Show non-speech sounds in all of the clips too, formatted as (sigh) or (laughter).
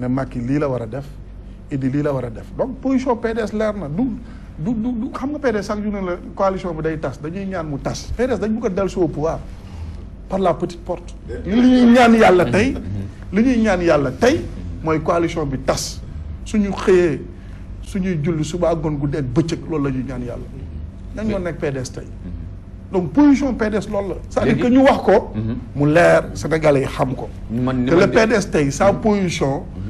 ne Macky li la wara a def indi li la wara def donc position PDS leer na du du du xam nga PDS sax ñu ne la coalition bu day tas dañuy ñaan mu tas PDS dañ bu ko dal si au pouvoir par la petite porte li ñuy ñaan yalla tay li ñuy ñaan yalla tay moy coalition bi tas suñu xëyee suñu julli suba gon gu guddi beccëk loolu la ñuy ñaan yalla ñan ñoo nek PDS tay donc position PDS loolu la ça dire que ñu wax ko mhm. mu leer sénégalais xam ko que le PDS tay sa mhm. position mhm.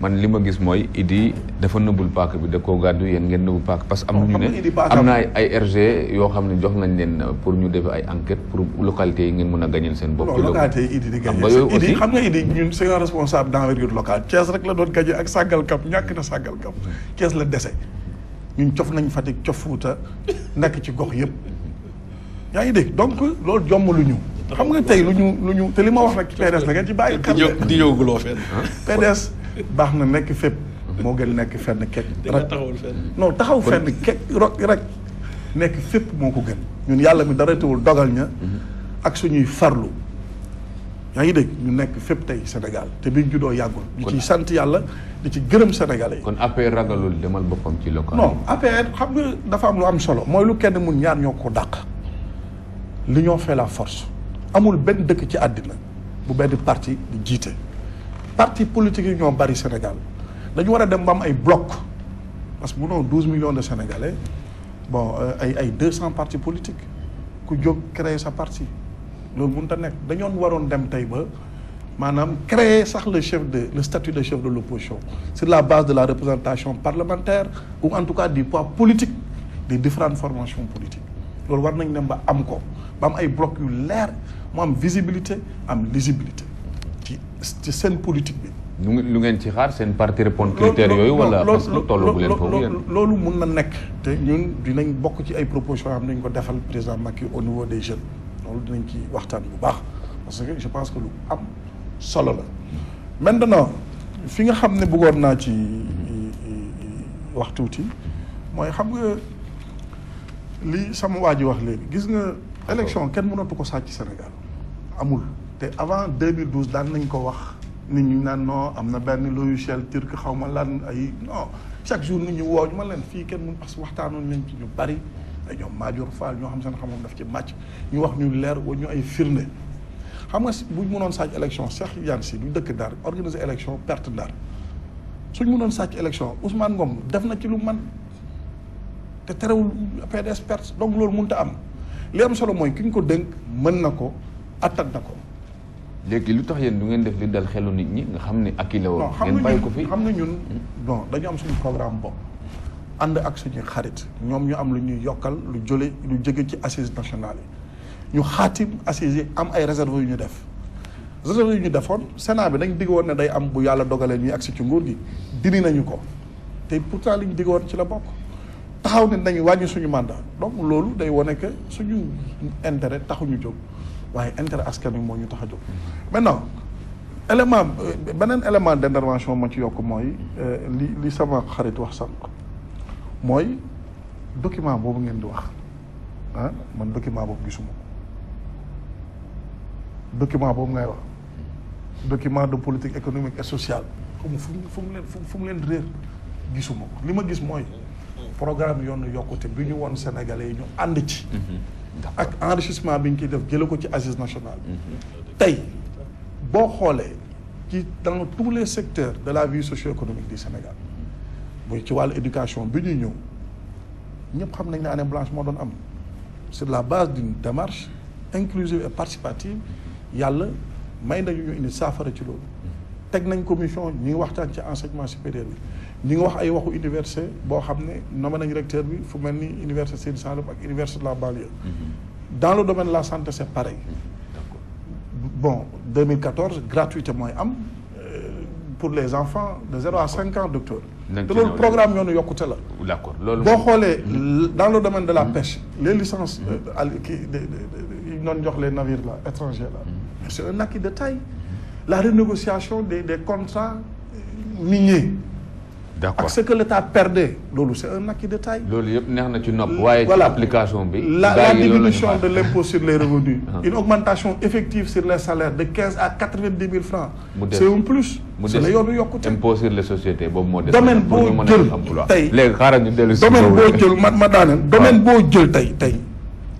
man lima gis moy Idi dafa neubul paak bi da ko gaddu yéen ngeen neubul paak parce amna am nañu ne amna ay RG yo xamni jox nañ len pour ñu def ay enquête pour localité ngeen mëna a sen seen bopp. ci localité Idi di gañe Idi xam nga Idi ñun c'est un responsable d'envergure locale ties rek la doon gañe ak sagal kap ñak na sagal kap mm. ties la dese ñun ciof nañ fatik ciof Fuuta nak ci gox yëpp ya ngi donc lool jomm lu ñu xam nga tay lu ñu lu ñu te li ma wax rek ci PDS la ngeen ci bàyyi xel di ñëw guloo fenn PDS baax na nekk fépp moo gën nekk fenn kekk taxawul fenn non taxaw fenn kekk rok rek nekk fépp moo ko gën ñun yàlla mi dara wul dogal ña mm-hmm. ak suñuy farlu yaa ngi dégg ñu nekk fépp tey Sénégal te biñ juddoo yàggul di ci sant yàlla di ci gërëm Sénégalais yi kon APR ragalul demal boppam ci local non APR xam nga dafa am lu am solo mooy lu kenn mun ñaar ñoo ko dàq li ñoo fait la force amul benn dëkk ci àddina bu benn parti di jiite parti politique yi ñoo bari Sénégal dañu war a dem un bloc parce que nous avons 12 millions de Sénégalais bon y a 200 partis politiques qui ont créé sa parti loolu mënut a nekk dañoon dem tey ba créer le statut de chef de l'opposition C'est la base de la représentation parlementaire ou en tout cas du poids politique des différentes formations politiques loolu war nañ dem ba am ko ay bloc yu visibilité am lisibilité ci seen politique bi. lu ngeen ci xaar seen parti répond critères yooyu. wala parce que tollu bu leen foofu loolu mun na nekk. te ñun dinañ bokk ci ay propositions am nañ ko defal président Macky au niveau des jeunes loolu dinañ ci waxtaan bu baax parce que je pense que lu am solo la. maintenant fi nga xam ne bëggoon naa ci waxtuuti mooy xam nga li sama waa ji wax léegi gis nga. élection kenn mënatu ko sàcc Sénégal amul. te avant 2012 daan nañ ko wax nit ñu naan non am na benn logiciel turc xaw ma lan ay non chaque jour nit ñu woo ma leen fii kenn mu parce que waxtaanoon nañ ci ñu bari ay ñoom Madior Fall ñoo xam seen xam-xam daf ci màcc ñu wax ñu leer wa ñu ay firnde xam nga si bu buñ mënoon sàcc élection Cheikh Yane si du dëkk Ndar organiser élection perte Ndar suñ mënoon sàcc élection Ousmane Ngom def na ci lu man te terewul PDS perte donc loolu mënut a am li am solo mooy ki ko dénk mën na ko attan na ko. léegi lu tax yéen du ngeen def li dal xelu nit ñi nga xam ne ak i la woon. ngeen bàyyi ko fi xam na ñun bon dañu am suñu programme bopp. ànd ak suñuy xarit ñoom ñu am lu ñuy yokkal lu jële lu jóge ci assises nationales yi ñu xaatim assises yi am ay réserve yu ñu def réserve yu ñu defoon Sénat bi dañ digg woon ne day am bu yàlla dogalee ñuy agsi ci nguur gi dindi nañu ko te pourtant li ñu digg ci la bokk taxaw ne nañu wàññi suñu mandat donc loolu day wane que suñu intérêt taxuñu jóg waaye intérêt askan wi moo ñu tax a jóg. maintenant élément beneen élément d' intervention ma ci yokk mooy euh, li li sama xarit wax sànq mooy document boobu ngeen di wax ah man document boobu gisuma ko document boobu ngay wax document de politique économique et sociale xaw fu mu fu mu leen fu mu leen réer gisuma ko li ma gis mooy programme yoonu yokkute bi ñu woon Sénégalais yi ñu ànd ci. Mm-hmm. ak enrichissement biñ ñu def jële ko ci assise nationale mm-hmm. tay, bo xolé ci dans tous les secteurs de la vie socio-économique du Sénégal muy ci wal éducation bi ñu ñëw ñëpp xam nañ ne année blanche mo doon am la base d'une démarche inclusive et participative yalla may nañu ñu indi saafara ci loolu mm-hmm. teg nañ commission ñi waxtaan ci enseignement supérieur ñi ngi wax ay université boo nañ recteur La Balie mhm. dans le domaine de la santé c'est pareil mhm. bon 2014 gratuitement, am euh, pour les enfants de 0 à 5 ans docteur te le programme yoonu yokkute la d'accord loolu mhm. dans le domaine de la pêche les licences euh, qui de jox les navires là étrangers là c'est un acquis de taille la renégociation des contrats euh, miniers d'accord ce que l'État perdait loolu c'est un acquis de taille. loolu yëpp ci nopp. application bi. la la diminution de l'impôt sur les revenus. Ah. une augmentation effective sur les salaires de 15 à quatre 000 francs. c'est un plus. mu impôt sur les sociétés bon moo domaine beau jël taille léegi xaaral ñu domaine beau jël ma ma (laughs) domaine beau jël taille taille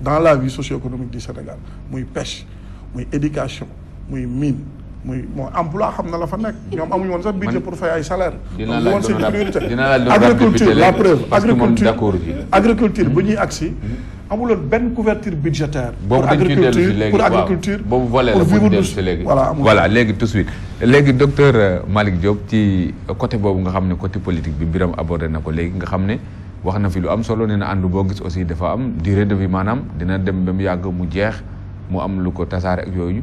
dans la vie socio-économique du Sénégal muy pêche muy éducation muy mine. muy mooy emploi xam na la fa nekk ñoom amuñu woon sax budget pour fay ay salaire lu woon seen priorité agriculture la preuve agriculture agriculture bu ñuy agsi mm-hmm. amuloon benn couverture budgétaire pour agriculture pour agriculture boobu volet la pour dellu si léegi voilà léegi tout léegi docteur euh, Malick Diop ci côté boobu nga xam ne côté politique bi Birame abordé na ko léegi nga xam ne wax na fi lu am solo nee na ànd boo gis aussi dafa am durée de vie maanaam dina dem ba mu yàgg mu jeex mu am lu ko tasaare ak yooyu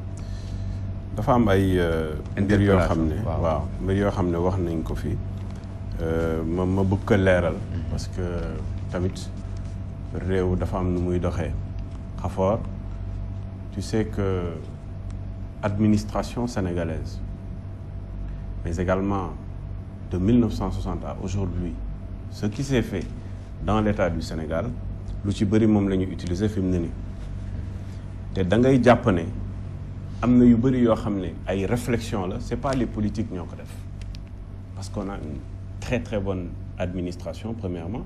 dafa am ay euh, mbir yoo xam ne waaw mbir yoo xam wax nañ ko euh, ma ma bëgg ko mm-hmm. parce que tamit réew dafa am nu muy doxee tu sais que administration sénégalaise mais également de 1960 à aujourd'hui ce qui s'est fait dans l'état du Sénégal lu ci bëri moom la ñu utiliser fi mu te da ngay am na yu bëri yoo xam ne ay réflexion la c'est pas les politiques ñoo ko def parce qu'on a une très très bonne administration premièrement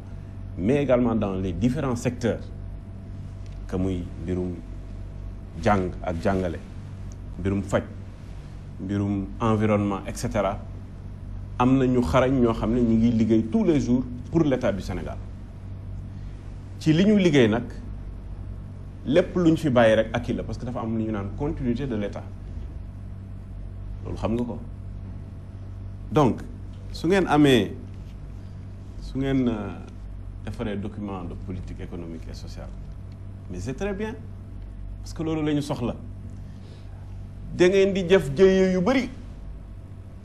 mais également dans les différents secteurs que muy mbirum jàng ak jàngale mbirum faj mbirum environnement et cetera am na ñu xarañ ñoo xam ne ngi tous les jours pour l'État du Sénégal ci li ñu liggéey nag lépp luñ fi bàyyi rek acquis la parce que dafa am lu ñu naan continuité de l'État loolu xam nga ko donc su ngeen amee su ngeen euh, defaree document de politique économique et sociale mais c'est très bien parce que loolu la ñu soxla da ngeen di jëf jëye yu bari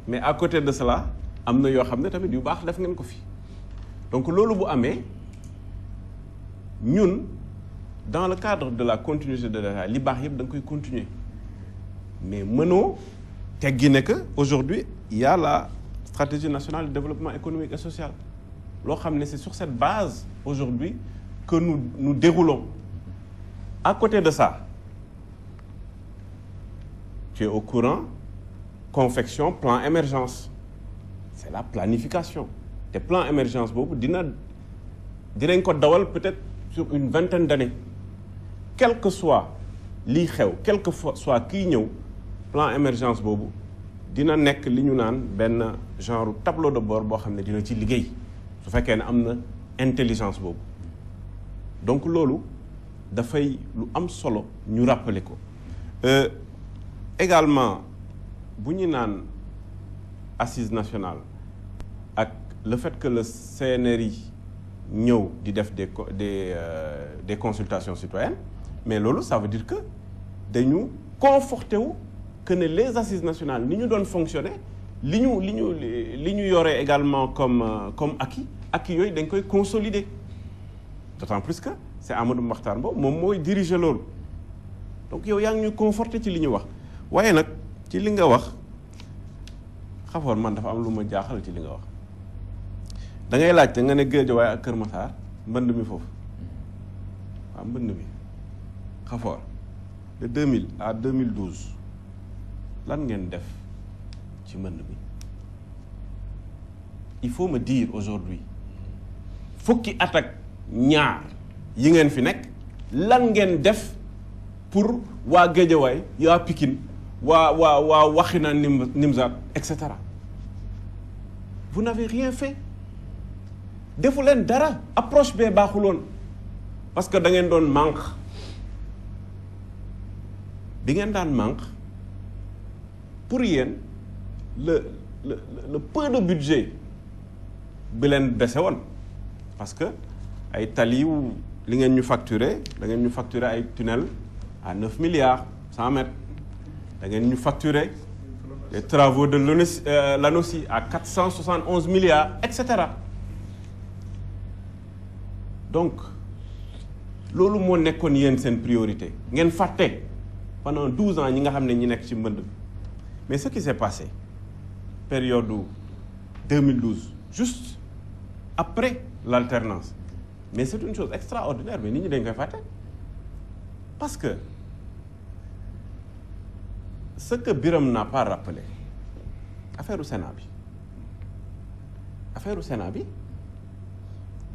mais à côté de cela am na yoo xam ne tamit yu baax def ngeen ko fi donc loolu bu amee ñun dans le cadre de la continuité de la donc il continue. continuer mais maintenant, aujourd'hui il y a la stratégie nationale de développement économique et social c'est sur cette base aujourd'hui que nous nous déroulons à côté de ça tu es au courant confection plan émergence c'est la planification des plans émergence vous dina peut-être sur une vingtaine d'années quel que soit li xew quel que soit qui ñew plan émergence plan dina nekk li ñu naan genre tableau de bord qui xamné ne dina ci liggéey su fekkee ne intelligence donc da fay lu am solo ñu rappeler ko euh, également bu ñu naan assise nationale ak le fait que le CNRI ñew di def des euh, des consultations citoyennes mais lolo ça veut dire que nous conforté que les assises nationales ni ñu fonctionner également comme euh, comme acquis acquis qui dañ consolider d'autant plus que c'est Amadou makhtar mom donc yow ñu conforté ci wax ci li nga wax man dafa am ci li nga wax da ngay nga ne ak Khafor de 2000 à 2012 lan ngeen def ci il faut me dire aujourd'hui il faut qu'il ñaar yi ngeen fi nekk lan ngeen def pour wa Géejawaay yaa Pikine wa wa wa wa nim nimza et cetera vous n'avez rien fait defu dara approche be baxulone parce que da ngeen don manque di ngeen daan pour rien le le peu de budget bi leen dese parce que ay Italie où li ngeen ñu facturé tunnel à 9 milliards 100 mètres da facturez ñu les travaux de euh, l'ANOSI à 471 milliards etc. donc loolu moo nekkoon une priorité, priorité ngeen fàtte pendant 12 ans nous nga été ne ñi mais ce qui s'est passé période 2012 juste après l'alternance mais c'est une chose extraordinaire mais nous ñi parce que ce que Biram n'a pas rappelé affaire au Sénat affaire au Sénat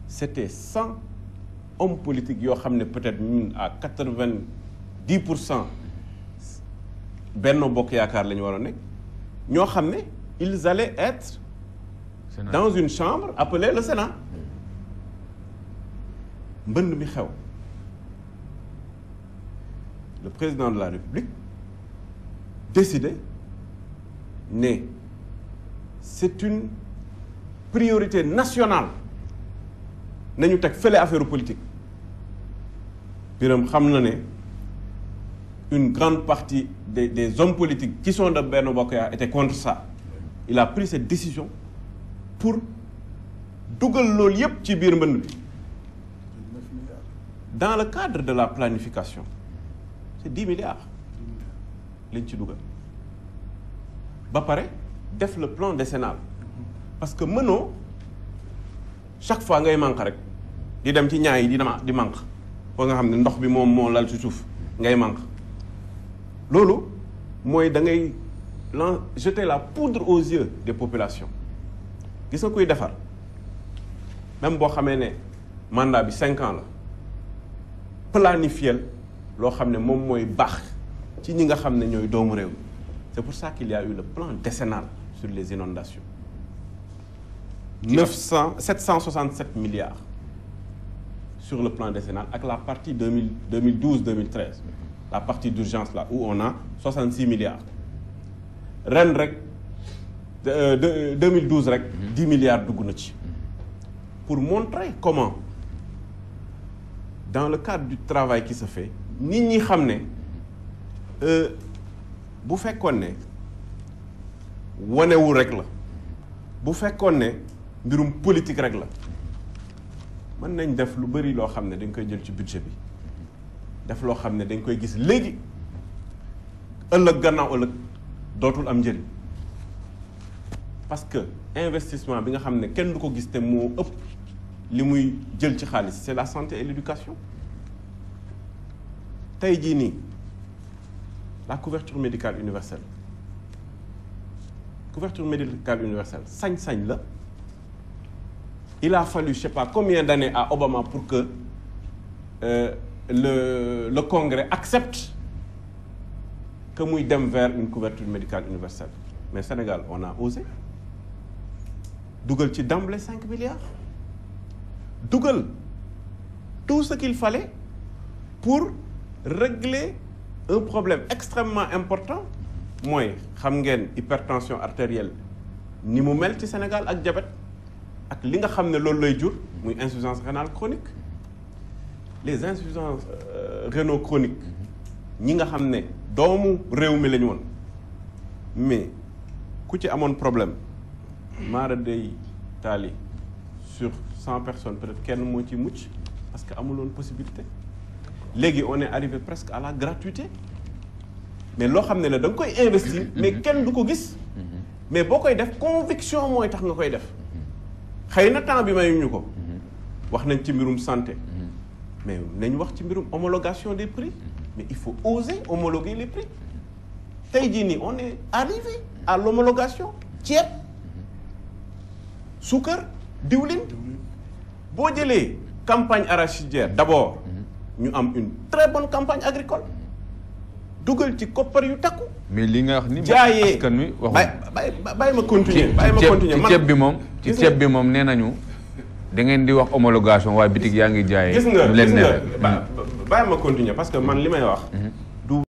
c'était 100 hommes politiques qui ont peut-être 90% à 90%. Benno Bokk Yaakaar la ils allaient être dans une chambre appelée le Sénat mbënd mi le président de la République décidait... ne c'est une priorité nationale nañu teg fële affaire politique biram une grande partie des, hommes politiques qui sont de Bernard Bokoya étaient contre ça. Il a pris cette décision pour Dougal loolu dans le cadre de la planification c'est 10 milliards lañ ci def le plan décennal parce que maintenant, chaque fois ngay manque rek di dem ci ñaay yi di dama manque manque Lolo, moi, jeter la poudre aux yeux des populations. Qu'est-ce qu'on peut faire Même si on a mandat de 5 ans, là, planifié qui le bon ce C'est pour ça qu'il y a eu le plan décennal sur les inondations. 900, 767 milliards sur le plan décennal avec la partie 2012-2013 partie d'urgence là, où on a 66 milliards. rennes de 2012 euh, 10 mhm. milliards de gouttes pour montrer comment dans le cadre du travail qui se fait nous ni vous vous bu fekkoon on où rek la bu politique rek il faut xam ne dañ koy gis léegi ëllëg gannaaw ëllëg dootul am parce que investissement bi nga xam ne kenn du ko gis ëpp li muy c'est la santé et l'éducation la couverture médicale universelle couverture médicale universelle sañ-sañ la il a fallu je sais pas combien d'années à Obama pour que euh, le, Congrès accepte que nous dem vers une couverture médicale universelle. Mais au Sénégal, on a osé. Dougal, d'emblée 5 milliards. Dougal, tout ce qu'il fallait pour régler un problème extrêmement important. Moi, je hypertension artérielle, ni au Sénégal avec diabète, avec insuffisance rénale chronique les insuffisances euh, rénaux chroniques ñi nga xamné doomu réew mi la mais ku ci amone problème mara day tali sur 100 personnes peut-être kenn mo ci mucc parce que amulone possibilité légui on est arrivé presque à la gratuité mais lo xamné ne la da koy investir mais kenn du ko gis mais bokoy def conviction moy tax nga koy def xeyna temps bi ñu ko wax nañ ci mbirum santé mais nañ wax ci mbirum homologation des prix mais il faut oser homologuer les prix tey on est arrivé à l'homologation ceeb sucre, diwlin boo jëlee campagne arachidière d'abord ñu am une très bonne campagne agricole dugal ci koppar yu takku. mais li nga wax ni. jaayee askan wi waxu bàyyi ma continuer bàyyi ma continuer man ceeb bi moom ci bi da ngeen di wax homologation waaye bitig yaa ngi jaay. gis nga gis nga bàyyi ma continuer parce que man li may wax. Mhm.